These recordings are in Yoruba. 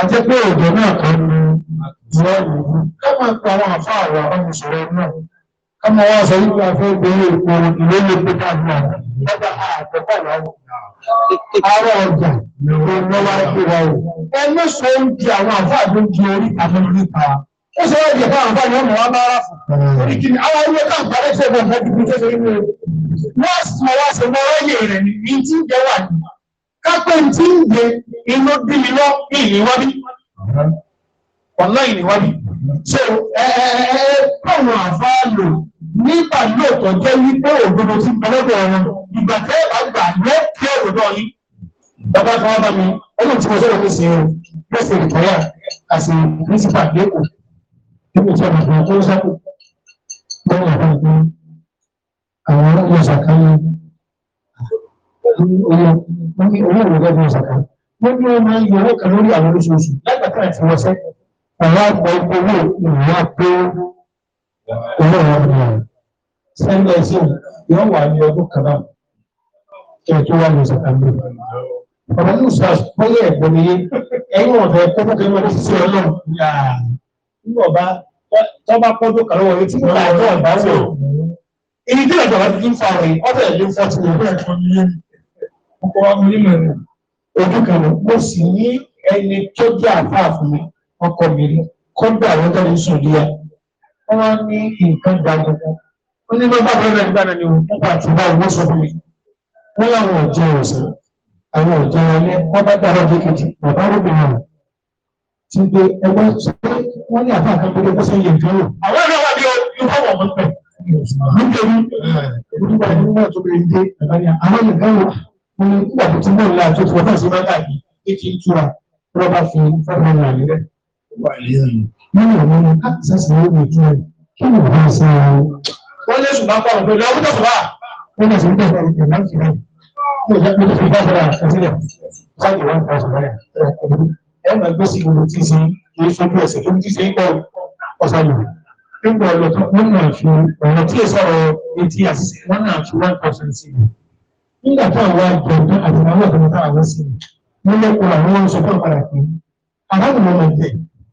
ajẹ́ pé òjò náà kọ́ ní ìwọ́ ìlú ká máa pa àwọn àfa àwọn ọmọ ìṣòro náà ká máa wá sọ wípé afẹ́ bẹ̀rẹ̀ èpo ìwé lè pé káàdì àwọn ọjà àtọ́kọ̀ àwọn ọjà ìwé wá o ẹ ní sọ ń di àwọn àfa àti oúnjẹ orí àfẹnú nípa ó sọ wá ìjẹ̀fọ́ àwọn àfáàní ọmọ wa máa rà fún orí kìíní àwọn ilé ká nǹkan ẹ̀ṣẹ̀ bọ̀ nǹkan dìbò tó ṣe é mú o wọ́n sọ sọ mọ́ kápẹ́ tí ń gbé inú bí mi lọ ìní wábí ọ̀nà ìní wábí so ẹ̀ẹ́dẹ́gbọ̀n àfáàlò nígbà yóò tọ́ jẹ́ wípé òdodo tí ń bẹ̀rẹ̀ ọ̀rọ̀ ìgbà tẹ́ bá gbà yóò kí òdodo yìí bàbá kan wá bá mi ọdún tí mo sọ̀rọ̀ mi sí o yóò ṣe ìtọ́yà àti pírísìpà lẹ́kọ̀ọ́ nínú ìtọ́ ìgbà tó ń sáko lọ́wọ́ àwọn ọ̀gbìn àwọn ọ̀gbìn ọ̀sàkáyọ̀ ní owó òwò gẹ́gẹ́ bí ìṣàkà wọ́n ní wọ́n máa ń yọ owó kan lórí àwọn olóṣooṣù lágbàtà àti wọ́sẹ́ ọ̀rọ̀ àgbọ̀ owó ìwà pé owó ìwà pé sẹ́ńdẹ̀ ẹ̀sìn yọ wà ní ọdún kan náà kí ẹ tó wà ní ìṣàkà mi. ọ̀rọ̀ ní ìṣàkà pẹ́lẹ́ ẹ̀gbọ́n mi ẹ̀yìn ọ̀dọ̀ ẹ̀kọ́ fún kẹ́mi ọdún sísè ọlọ́run nígbà tọ́ba pọ́dún kan lọ́wọ́ etí ìgbà àjọ ọ̀dà wọ̀ èyí tí ìjọba ti ń fa ọ̀rẹ́ ọ̀fẹ́ ìlú fọ́tì ọkọ̀ onímọ̀ ni ojú kan lọ mo sì ní ẹni tó jẹ́ àfáà fún mi ọkọ mi ni kọ́ńdà àwọn tó ń sùn díẹ̀ wọ́n wá ní nǹkan gbàgbọ́ ó ní bá bàbá rẹ̀ gbàdá ni òun púpà tí bá owó sọ fún mi wọ́n láwọn ò ọ̀sán àwọn ò jẹ́ wọ́n bá dára bí kejì bàbá rògbìnrin rẹ̀ ti gbé ẹgbẹ́ sọ wọ́n ní àbá kan péré bọ́sẹ̀ yẹn kan rò àwọn ẹ̀rọ wà bí o yóò fọwọ́ mo ní kí àbí tí mò ń la tó fọ́ náà sí máa ní èkì ìtura rọ́bà fi fọ́nà náà rí rẹ̀ wà lẹ́yìn. nínú àwọn ọmọ káàkiri sásì ló ń tu ẹ kí ni wọ́n ń sá ọ. wọ́n lé ṣùgbọ́n pa òkè lọ́wọ́ tó sùbà. wọ́n lè ṣùgbọ́n pa òkè lọ́wọ́ sùbà. wọ́n lè ṣùgbọ́n pa òkè lọ́wọ́ sùbà. sáyẹn wọn pa sùbà rẹ̀ ẹ̀ máa gbé sí gbogbo tí ì sí èyí fojú ẹsẹ̀ tó ń tí ì sí ń kọ́ ọ̀sán lò nígbà ọlọ́tún nínú àfi ọ̀nà tí ì sọ̀rọ̀ etí àṣìṣe wọn náà fi one thousand sí i nígbà táwọn àjọ̀dún àti àwọn àjọ̀dún táwọn àwọn sí ni wọ́n lọ́kọ̀ àwọn wọn sọ fún àpàrà pé àbámu ló máa jẹ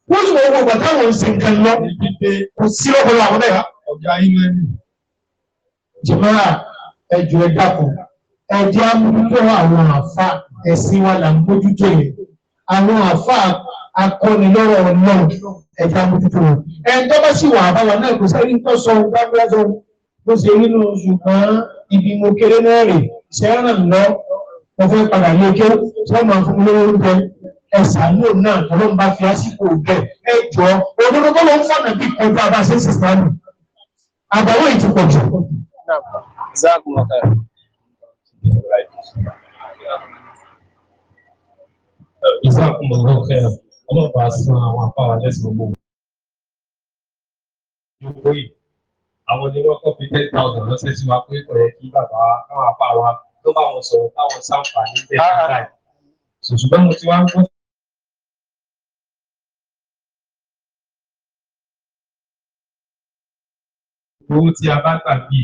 wọ́n sì wọ́n wọ́n bàtà wọn ṣe nǹkan lọ kò sí ọ̀pọ̀lọpọ̀ àwọn náà ọ̀gá ilé jìmọ́ra ẹ̀jọ̀ ẹ̀dá kan ẹ̀jẹ̀ amúdútó àwọn àfa ẹ̀sìn wa là ń mójútó yẹn àwọn àfa akọ́nilọ́rọ̀ náà ẹ̀jẹ̀ amúdútó wọn ẹ̀ńtọ́ bá sì wà àbáwọn náà kò sẹ́yìn tó sọ ọ̀gá gbọ́dọ̀ bó ṣe rí nù ṣùgbọ́n ibi mo kéré náà rèé se é ràn lọ wọ́n fẹ́ padà lé kí wọ́n máa fún lówó oúnjẹ ẹ̀sánú náà lọ́wọ́ ń bá fi àsìkò bẹ̀ ẹ jọ òdodo tó ló ń fọ̀nà bí kọjá bá ṣe ń sèta ètò pọ̀ ọlọ́pàá san àwọn apá wa lẹ́sìn gbogbo àwọn ni wọ́n kọ́ fi ten thousand lọ́sẹ̀ sí wa pé ọ̀rẹ́ kí bàbá káwọn apá wa ló bá wọn sọ̀rọ̀ káwọn sáǹfààní bẹ́ẹ̀ ní ah, ah. báyìí. ṣùgbọ́n mo ti wá ń gbọ́ owó tí a bá gbàgbé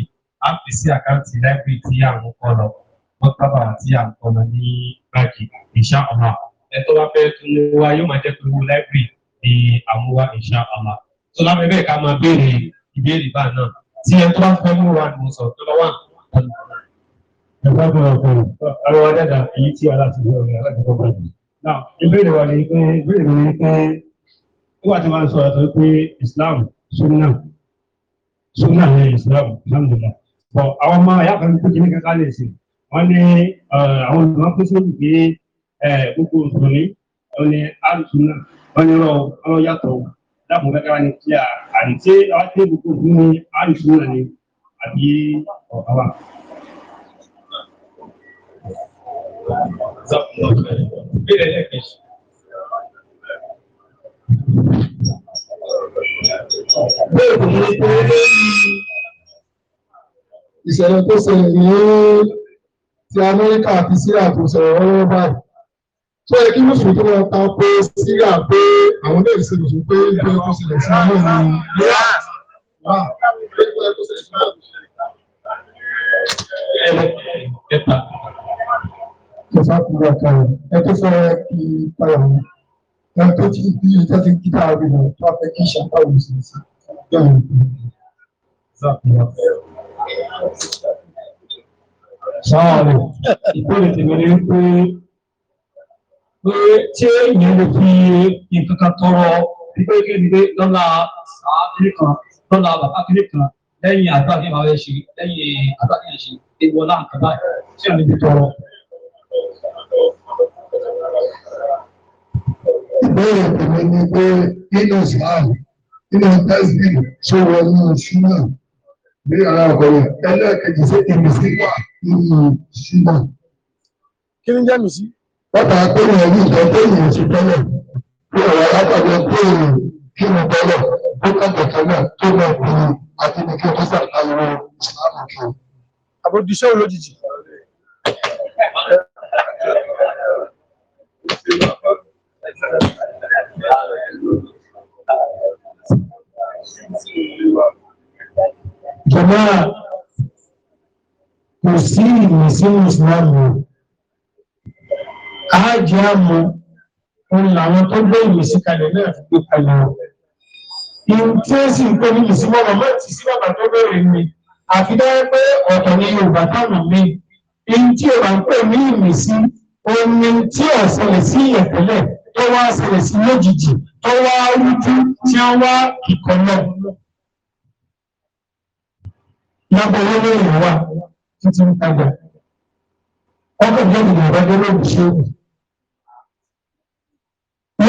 a fi sí àkáǹtì láìpẹ́ tí à ń kọ́ lọ wọ́n sábà tí à ń kọ́ lọ ní báàgì ìṣá ọ̀la ẹ̀tọ́ wa fẹ́ tún wá yóò máa jẹ́ pé owó láìpẹ́ ni àmúwá ìṣá ọ̀la tó lábẹ́ bẹ́ẹ̀ ká máa béèrè ìbéèrè bá náà tí ẹni tó bá fẹ́ mú wa nù sọ tó lọ́wọ́ ẹ̀fọ́ tó lọ pẹ̀lú àwọn ọ̀dẹ́dà èyí tí aláṣẹ ìwé ọ̀rẹ́ aláṣẹ tó pẹ̀lú. náà ìbéèrè wa ni pé ìbéèrè mi ni pé wíwà tí wọ́n sọ ẹ̀sọ́ pé Islam sunna sunna ni Islam alhamdulilah bọ̀ àwọn ọmọ ayáfẹ́ mi kó jẹ́ ní kankan lè sè wọ́n ní àwọn olùmọ̀ pé sóyún pé gbogbo òṣùwọ̀n ni wọ́n ní alùsùn náà wọ́n ní rọ̀ dákun fẹ́ káwá ní kí a àdìtí àwọn tí gbogbo fún ní àdìsúnú rẹ̀ ni àbí ọ̀gá wa. Ìṣẹ̀lẹ̀ tó ṣẹlẹ̀ ní ti Amẹ́ríkà àti Síríà tó sọ̀rọ̀ lọ́wọ́ báyìí. tó yẹ kí mùsùlùmí tó máa ta pé síríà pé àwọn náà ṣe lùsùn pé ń pé kó ṣẹlẹ̀ sí ọmọ mi yá wà pé kó ṣẹlẹ̀ sí ọmọ mi. Ẹ̀ta. Ìfà kúrò àkàrà ẹ tó fẹ́ kí pàrọ̀ mi. Ẹni tó ti bí ẹjọ́ ti ń kí tá a rí lọ tó a fẹ́ kí ṣàpá òun sì sí. Sáwọn àlè, ìpínlẹ̀ tèmi ni wípé pé tí èèyàn lè fi nǹkan kan tọrọ wípé kí ni pé lọ́la sàákiri kan lọ́la bàbákiri kan lẹ́yìn àdúrà ní ìbáwẹ́ ṣe lẹ́yìn àdúrà ní ìṣe ewu ọlá nǹkan báyìí tí èèyàn lè fi tọrọ. ìbéèrè tèmi ni pé nínú islam nínú tẹ́sí tó wọnú ṣúná bí ara ọ̀gọ̀rọ̀ ẹlẹ́ẹ̀kejì sí ìmísí wà nínú ṣúná. kí ni jẹ́ mi sí? Bàbá akérò ẹ̀rí ìjọ tó yìí sí tẹ́lẹ̀ tí ọ̀rọ̀ alágbàdo tó yìí kí mo tẹ́lẹ̀ tó kọ̀jọ̀ tẹ́lẹ̀ tó lọ bí àti ní kí o tó sàkàlẹ̀ ìsìlámù kí o. Àbójúṣẹ́ olójijì. Jọ̀mọ́ kò sí ìmọ̀ ìsìlámù ààjì àmọ òun làwọn tó gbé ìmísí kalẹ̀ náà fi gbé kalẹ̀ wọn. ìtẹ́sí nǹkan ní ìmísí mọ́ra má ti sí bàbá tó bẹ̀rẹ̀ mi àfi dáwọ́ pé ọ̀tọ̀ ni Yorùbá táwọn mi èyí tí Yorùbá ń pè ní ìmísí omi tí ò ṣẹlẹ̀ sí ìyẹ̀tẹ̀lẹ̀ tó wá ṣẹlẹ̀ sí lójijì tó wá rújú tí wọ́n wá ìkọ̀ náà. lábọ̀ owó lóyún wa títí ń tajà ọkọ̀ ìjọba ìjọba ló lóògùn ṣé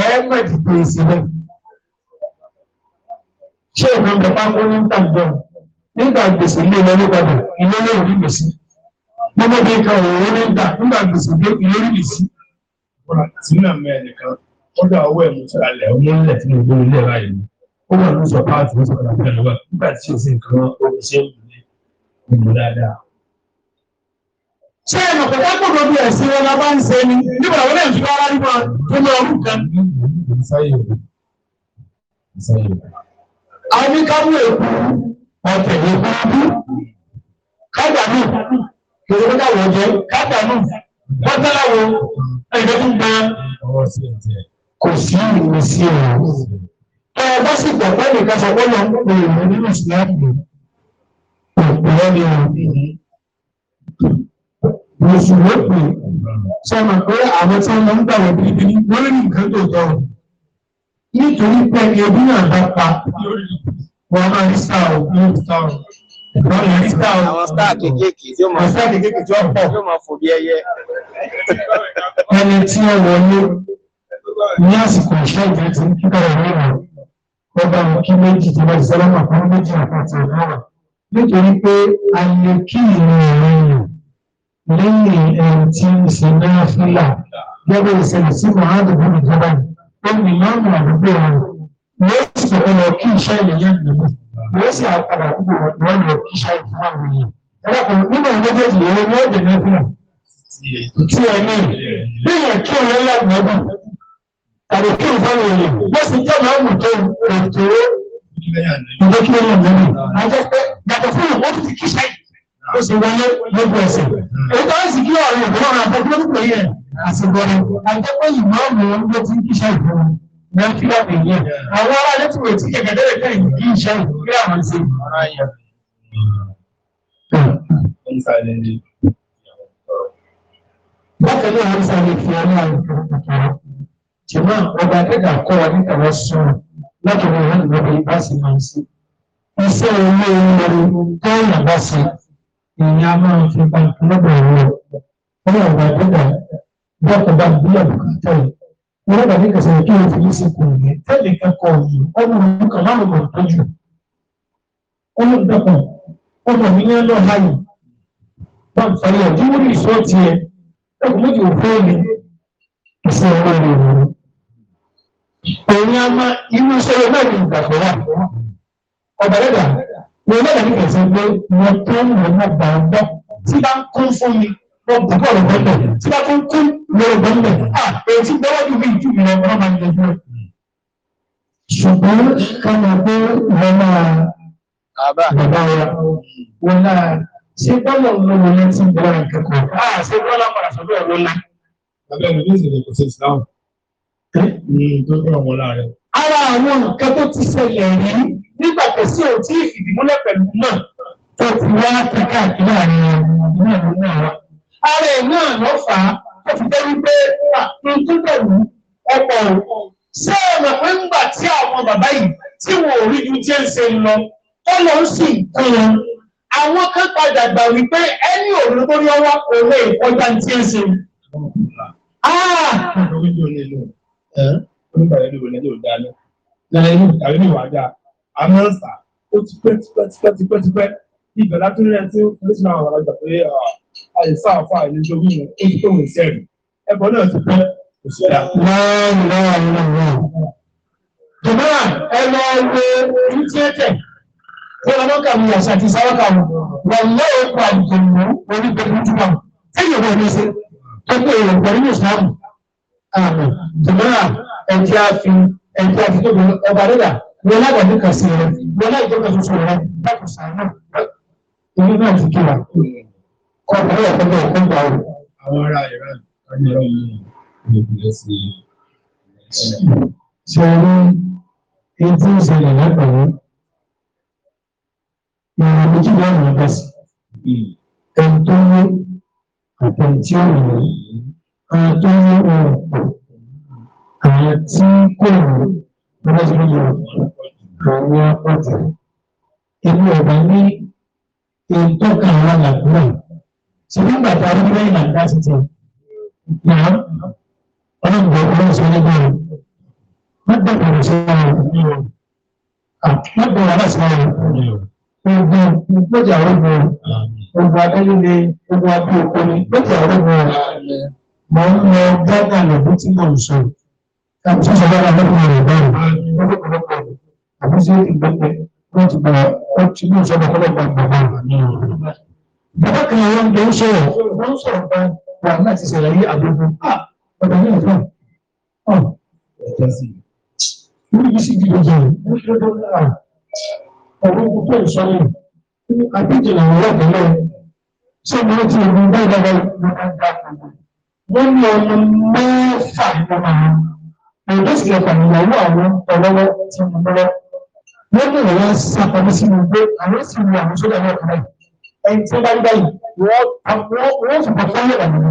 ẹ má dìde ìsìlẹ̀. ṣé ìran bàbá ń ní tàǹdọ̀ nígbà gbèsè ilé ìlọrí padà ilé ìlọrí gbèsè gbogbo bí kan òwò ní ta nígbà gbèsè ilé ìlọrí gbèsè. sínú àmì ẹnìkan ó dá owó ẹ̀mú sí alẹ̀ ọmọ nílẹ̀ tí mo gbé ilé ráyè mi ó wà lóṣù apáàtì lóṣù padà bẹ́ẹ̀ lọ́wọ́ nígbà tí o sì ń kan ó ṣe é wù ní ìlú dáadáa ṣé ẹnà pẹ̀lú ẹgbẹ̀rún bí ẹ̀sìn wọn bá ń ṣe ni nígbà wọn lè fi ara nípa tó lọ ọdún kan. a ní káwé èkó ọ̀tẹ̀ èkó abú kájàmú kèrè kó dáwọ̀ jẹ kájàmú kọ́tàláwo ẹ̀jẹ̀ tó gba kò sí ìwé sí ẹ̀ ẹ bá sì gbàgbọ́ nìkan sọ pé ọ̀nà òun nínú ìsìlámù òpùrọ̀ ni òun nìyí oṣù ló pè é ṣe mọ̀ pé àwọn tí wọ́n ń gbà wọ́n bíbí ní wọ́n ní nǹkan tó jọ wọn. nítorí pé ebi náà bá pa wọn máa ń sá o wọ́n máa ń sá o. àwọn sáà kéékèèké tí ó máa sáà kéékèèké tí ó pọ̀ tí ó máa fò bí ẹyẹ. ẹni tí wọ́n wọlé ní àsìkò ìṣe ìjọ ti ń kíkọ́ ìwé rẹ̀ wọ́n bá wọn kí méjì tí wọ́n ti sẹ́lẹ̀ mọ̀ fún méjì àpàtì ìlú rẹ̀ nítorí pé ayé kí ìlú ìrìn lẹ́yìn ẹni tí ń ṣe náà fúlà gẹ́gẹ́ ìṣẹ̀lẹ̀ sí mohammed bin ìjọba ó ní mọ́mù àdúgbò wọn yóò sì ọ̀nà kí iṣẹ́ ilẹ̀ yẹn nìyẹn yóò sì àpàdà àdúgbò wọn lọ kí iṣẹ́ ìfún àwọn èèyàn. ẹlẹ́kùn nínú méjèèjì yẹn ni ó dè ní fúlà tí ẹ ní bíyẹn kí kí ó sì wọlé lójú ẹsẹ̀. èyí tó ń sì kí ọ̀rọ̀ ìgbọ́n ọ̀rọ̀ àbọ̀ tó ń pè yẹ àṣìgbọ́ni àjẹpẹ́ ìmọ̀ọ́mù ló ti ń kíṣẹ́ ìgbọ́n náà kí wọ́n pè yẹ. àwọn ará létí wò tí kẹ̀kẹ́dẹ́rẹ́ kẹ́ yìí kí iṣẹ́ ìgbọ́n kí àwọn ṣe. bákan náà wọ́n sáré fi ọmọ àwọn kékeré jùmọ̀ ọba akẹ́kọ̀ọ́ kọ́ wa níta wọ́n sùn látọ̀rọ̀ ìwọ́n ìwọ́n iṣẹ́ owó lórí tó bá ṣe ìyá máa ń fi báńkì lọ́dọ̀ rẹ̀ ọ̀rọ̀ ọ̀gá gbọ́dọ̀ bọ́ọ̀kọ̀ bá bí àbùkátà yìí wọ́n bá ní kẹsàn kí o fi yí sí kò yẹ tẹ́lẹ̀ kẹ́kọ̀ọ́ yìí ọmọ mi kàn máa ń lọ tọ́jú ọmọ mi dọ̀kọ̀ ọmọ mi yẹn lọ láyè bá ń fàyà dúró ní ìṣọ́ọ̀tì ẹkùn méjì òfin mi ìṣe ọmọ rẹ rẹ òun irú sọ́yọ́ náà ìgbàgbọ́ wà ọ̀bẹ̀rẹ̀dà mo lọ́dọ̀ ní kẹsàn-án pé mo tó mo mọ̀ gbà ń bọ̀ tí bá ń kún fún mi mo bùkọ̀ lọ bọ̀ bẹ̀ tí bá tún kún lọ́rọ̀ bọ̀ bẹ̀ à èyí tí gbọ́wọ́ ju mi jù mí lọ wọ́n máa ń yẹjú rẹ̀. ṣùgbọ́n ká máa gbé lọ́mọ bàbá wa wọn náà ṣé bọ́lá ló wọ lẹ́tí bọ́ ìkẹ́kọ̀ọ́ à ṣé bọ́lá padà sọ́dọ̀ ẹ̀ wọ́n náà. bàbá mi ní ìsìnkú ṣe ìsìlámù. ara àwọn nǹkan tó ti ṣẹlẹ̀ rí sí ò tí ìfìdímúlẹ̀ pẹ̀lú náà tó ti wá kíkà kí láàrin ọmọdé náà ló náà wá. ara ẹ̀ náà lọ fà á tó fi jẹ́ wípé n tó pẹ̀lú ọ̀pọ̀ o. ṣé ọ̀nà pé ń gbà tí àwọn bàbá yìí tí wọn ò rí ju tí ń ṣe ń lọ ó lọ sí nǹkan wọn. àwọn kan padà gbà wípé ẹni òun tó ní ọwọ́ òun ìkọjá tí ń ṣe. Ah! Láyé ní ìtàwé ní ìwà dáa o sà ó ti pẹ́ ti pẹ́ ti pẹ́ ti pẹ́ ti pẹ́ ibẹ̀ látún rẹ̀ tí olóṣèlú àwọn àgbàlagbà pé àìsà àfa àìlèjogún rẹ̀ ó ti tóun iṣẹ́ rẹ̀ ẹbọ náà ti pẹ́ kò sí ẹ̀dá. jọba ẹ lọ wo títíẹ́tẹ̀ tó lọ́nà kàwé ọ̀sán àti sáwọ́ kàwé wọ́n lọ́wọ́ kó àdìgbò mọ́ orí pẹ̀lú túbọ̀ ẹ̀yìn ọ̀rọ̀ mi ṣe tó pé èèyàn pẹ̀lú ìsìlámù àmì jọba ẹ̀jẹ̀ àfi ẹ̀jẹ̀ àfi tó bọ̀ ọba rẹ̀ wọlé àgbàdo kan sí rẹ wọlé ìjọba tuntun rẹ dákun sàánà èmi náà ti kíra kọ ọ̀rẹ́ ọ̀pọ̀lọpọ̀ ọ̀pọ̀ gbà ó. àwọn ará Iran wọn ní ọ̀rọ̀ yìí ní ìpínlẹ̀ sí i. ṣe ní etí ìṣẹ̀lẹ̀ lápẹ̀rẹ̀ ìrìn méjì náà ní ọ̀gá sí ẹni tó ní àtẹni tí ó nìyẹn àwọn tó ní ohun àwọn tí kò ní ọjọ́ ìgbìyànjú òun á pọ̀ jù. Èmi ò bá ní ìtọ́ka àwọn làkúrà. Ṣùgbọ́n bàtà arúgbó ẹ̀yìn àgbà ti tẹ̀. Nàá ọlọ́mọdé ọlọ́run sọ nígbà rẹ̀. Má dàgbà rẹ̀ sọ wọn rẹ̀. Má dàgbà rẹ̀ sọ wọn rẹ̀. Ogun ìgbọ́jà ogun ogun abẹ́lélé ogun abẹ́ òkú ìgbọ́jà ogun mọ̀ ń lọ gbọ́dọ̀ lọ́dún tí mò ń sọ. Kàmùsọ̀ sọ bá wà báyìí àbúṣe ìgbẹ́gbẹ́ láti gba ọtí ní ìṣọ́nà ọlọ́pàá ìgbàgbọ́. Bàbá kan àwọn ọmọdé ń sọ̀rọ̀ wọ́n ń sọ̀rọ̀ bá wà láti ṣàlàyé àbúrò ọ̀dà ní ìfọ̀. Orí yìí sì dìbò jẹ̀rẹ̀ ọ̀rọ̀ púpọ̀ ìṣọ́nà àbíjì làwọn ọlọ́pàá náà ṣé mo ti ìlú bá ìdàgbà wọ́n ní ọmọ mẹ́fà lọ́wọ́ àwọn ọlọ́wọ́ tí mo lọ́wọ́ wọ́n ní ìwọ́n sàpamọ́ sí ìwé àwọn sì wù àwọn sódà náà kọ́ra ẹni tí wọ́n bá ń gbà yìí wọ́n fi bàtà yẹ̀ wà nínú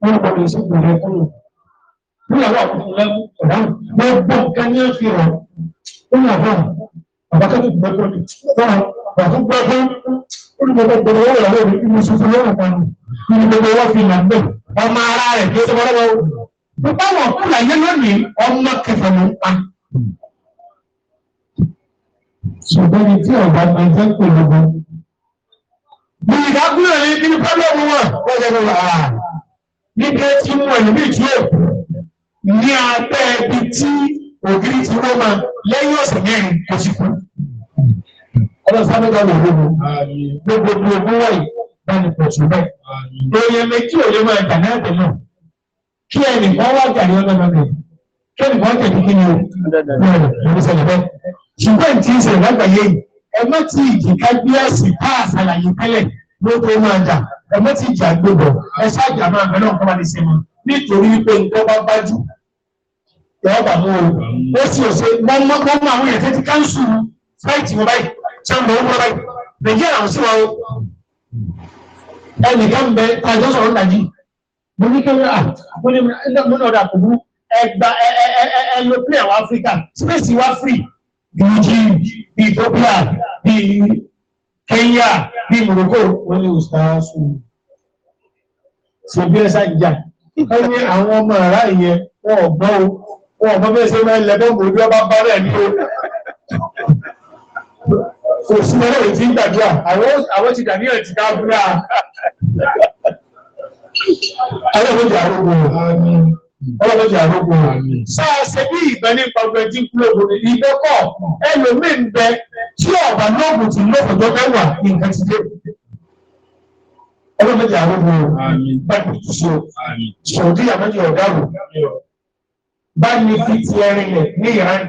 wọ́n ní bọ̀dọ̀ sí ìwé ẹ̀kọ́ yìí. Bí àwọn àkókò lẹ́nu ọ̀dà wọ́n gbọ́ nǹkan ní ẹ̀fì rẹ̀ ó ní àbá bàbá tó tún gbẹ́gbẹ́ mi bàbá tó gbẹ́gbẹ́ olùgbẹ́gbẹ́ gbẹ́gbẹ́ wọ́n yàrá òní ìmú sunsun lọ́rùn kan ní gbogbo wọ́n fi nà gbẹ́ ọmọ ara rẹ̀ kí ó tó wọ́n lọ́wọ́. Bí báwọn kúrò ayé lónìí ọmọ kẹfẹ́ ló ń pa ṣùgbọ́n ní tí ọ̀gá máa fẹ́ pè lọ́gbọ́n. bí ìdákúrò ní kí ni pẹ́lú wọn wọ́n yẹ kó wà á níbi tí mo ẹ̀ níbi ìjú òkú ní abẹ́ ibi tí ògiri ti wọ́n máa lẹ́yìn ọ̀sẹ̀ mẹ́rin kò sí fún. ọlọ́sàmẹ́gbà ló gbogbo gbogbo gbogbo wọ̀nyí bá ní pọ̀ sí bẹ́ẹ̀. oyè méjì ò lè máa gbà náà tẹ̀ náà kí ẹnì kan wá gàrí ọlọ́mọ mi kí ẹnì kan tẹ̀ kí ni o. bẹ́ẹ̀ ni mo sọ ṣùgbọ́n ìtì ń ṣẹlẹ̀ lágbàáyé yìí ẹ má ti ìjìká gbé ẹ̀sìn ká àṣàlàyé tẹ́lẹ̀ ló tó máa dà ẹ má ti ìjà gbọdọ̀ ẹ ṣáàjà máa bẹ náà kọ́ bá lè ṣe mọ́ nítorí pé nǹkan bá bá jù wọ́n bà mú o ó sì ọ̀sẹ̀ wọ́n mọ́ wọ́n mọ àwọn èèyàn tí káńsù fáìtì wọn báyìí sọ́nà wọn báyìí nàìjíríà àwọn sí o ẹnìkan bẹ tàjọ́ sọ̀rọ̀ nàìjí mo ní kéwàá àpọ́nlé mo ní ọ̀dà àpòbú ẹgbà ẹ ẹ ẹ ẹ lo play àwọn áfíríkà space wa free. Beijing bí Ethiopia bí Kenya bí Morocco wọ́n ní ustaasu ṣèbí ẹ̀sà ìjà wọ́n ní àwọn ọmọ ará ìyẹn wọ́n ọ̀gbọ́n o wọ́n ọ̀gbọ́n bẹ́ẹ̀ ṣe máa ń lẹ́bọ̀ mọ́ bí wọ́n bá bá rẹ̀ ní o kò sí ọlọ́run tí ń gbàdúrà àwọn ti dàní ẹ̀ ti ká búra. Àwọn ọmọdé àrùn gbòòrò ọlọ́run ti àrùn kùn án. sáà ṣe bí ìbọn ní gbọgbẹ tí ń kú lóògùn ní ibẹ̀ kọ́ ẹlòmíín bẹ tí ọ̀bà lóògùn ti lóògùn tó mẹ́wàá ní nǹkan ti dé. ọlọ́run ti àrùn kùn án. báyìí kò so sòdí àmọ́jì ọ̀daràn bá ní fi ti ẹrin lẹ̀ ní ìran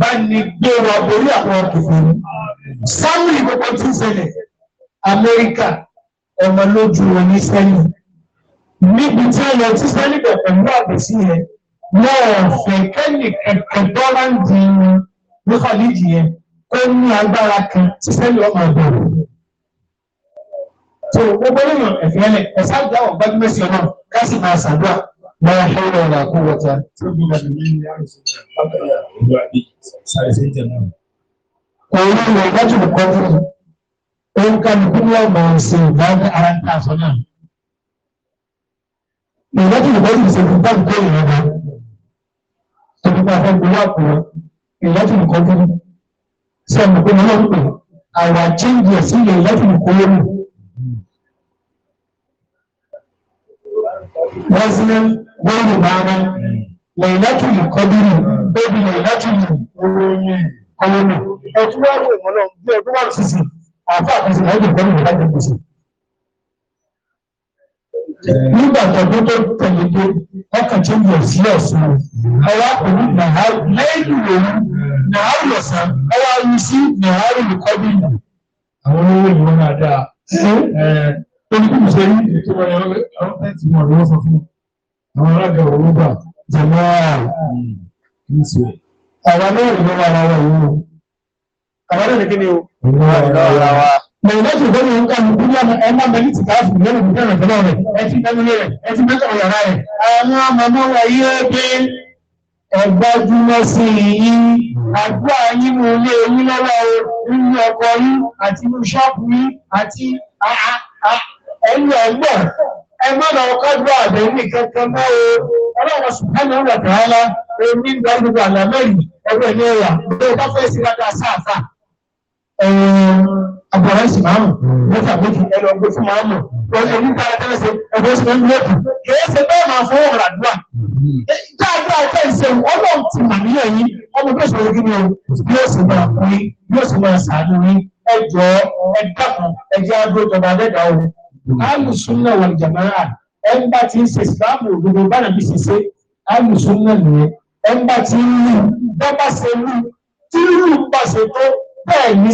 bá ní gbé wa borí àwọn ọkùnrin sáwọn ìgbọ́kọ̀ tí ṣẹlẹ̀ Amẹ́ríkà ọmọ wọn ní sẹ́yìn níbi tí a yọ sí sẹ́lẹ̀bẹ̀ pẹ̀lú àbẹ̀sí yẹn wọ́n fẹ́ kẹ́lì kẹ̀kẹ́ bọ́lá ń di irun ní kọ́líjì yẹn kó ní agbára kan tí sẹ́lẹ̀ ọmọ ọ̀dọ̀ rẹ̀. tó gbogbo nínú ẹ̀fẹ́ lẹ̀ ẹ̀sán ìjà wọ̀ gbajúmọ̀ sí ọ̀nà ká sì máa ṣàdúrà máa ṣe ìrọ̀ ọ̀rọ̀ àkó wọ̀ta. òun ni ìwọ̀n gbajúmọ̀ kọ́ fún un ó ń kálukú ní ọ̀gbọ̀n ṣe ìdájọ́ ara ń tà sọ náà ìwádìí ìwádìí ìṣèlú báyìí kó ìyẹn lọ tọ́jú bá fẹ́ gbowó àkùrọ̀ ìwádìí nǹkan tó sẹ́nu pé mo náà pè àwa chéńjì ẹ̀ sílẹ̀ ìwádìí nǹkan ló mú. wọ́n sí wọ́n lè bá wọn lẹ́yìnlátù ìkọ́dúrú bébí lẹ́yìnlátù ìkọ́lónì ọ̀tún wá wò wọ́n náà bí ẹgbẹ́ wà sísè àfa àkọsílẹ̀ ẹ̀jẹ̀ kọ́lù ìbájú kò sí nígbà tọdún tó tẹ̀lé dé ọkàn tó yọ sí ọ̀sán ọwọ́ àpòlù nàá lẹ́yìn òru nàá lọ̀sán ọwọ́ ayé sí nàá olùkọ́ bí ìlú. àwọn owó ìwọ náà dáa olùkúù ṣe rí ètò wọn yẹn àwọn tẹ́tì wọn ló sọ fún àwọn alága òwúgbà jamaa nìṣó. àwa náà ìlú wa ara wa yìí náà ní kí ni o. ìlú wa ara wa mọ̀lẹ́sì lórí ń kọ́ni bí lọ́nà ẹ má bẹ́ẹ̀ ti káàfù lórí ìdílé rẹ̀ tọ́lọ́ rẹ̀ ẹ ti bẹ́ẹ̀ lórí rẹ̀ ẹ ti bẹ́ẹ̀ tọ̀rọ̀ yàrá rẹ̀. àwọn àmọ́mọ́ wa yóò dé ẹgbẹ́júmọ́ sí i àdúrà yín mú ilé yín lọ́wọ́ o nínú ọkọ̀ yín àti inú ṣọ́ọ̀bù yín àti ẹ̀yìn ọgbọ́n ẹ má lọ kọ́jú àbẹ̀yìn kankan mọ́ o ọlọ́run sùpánù ọ̀rọ̀ tààlà omi gbàgbọ́ àlámẹ́rì ẹgbẹ́ ní ẹ̀yà bí o bá fẹ́ sí dáadáa sáà sáà àbọ̀ ráìsì márùn hmm. mẹ́fà méjì ẹ lọ gbé fún márùn hmm. lọ́dún ẹni tá a tẹ́lẹ̀ ṣe ẹgbẹ́ ṣe ń lóòtù kìí ṣe bẹ́ẹ̀ máa fọwọ́ ọ̀rọ̀ àdúrà hmm. dáadáa ọ̀fẹ́ ìṣẹ̀wò ọlọ́run ti mà níyàn yín ọmọ bẹ́ẹ̀ sọ̀rọ̀ kí ni o yóò sì máa kú yín yóò sì máa ṣàánú yín ẹ jọ ẹ dákun ẹ jẹ́ agbó ìjọba adẹ́dàá o alùsùnà wà jàmáà ẹ ń bá ti ń ṣe ìsìlámù òdodo bá nàbí ṣe ṣe alùsùnà nìyẹn ẹ ń bá ti ń lù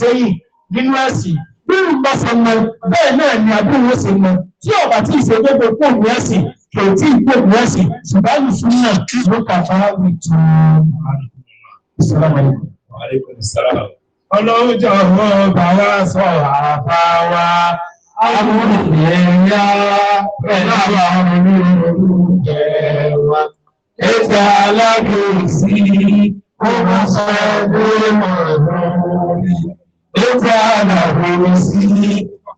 sẹ́yìn nínú ẹ̀sìn bíi ń bá ṣe mọ bẹ́ẹ̀ náà ni àbúrò ṣe mọ tí ọ̀bà tí ìṣèjọba kò ní ẹ̀sìn kò tí ì kò ní ẹ̀sìn ṣùgbọ́n ìṣú náà ló kà fara mi tù. ọlọ́run jọ̀wọ́ bá wa sọ àbá wa àwọn pẹ̀lú àwọn olùjẹ wa ẹ̀ka alágbèsí ó máa sọ ẹgbẹ́ mọ̀ọ́lọ́run. Ìtàlà omi sí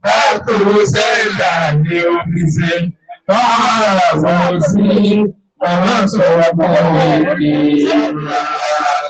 látòrò sẹ́ẹ̀dà ní omi ṣe. Tọ́hárà fọ́ sí ọ̀rọ̀ sọ̀rọ̀ pọ̀ òkè.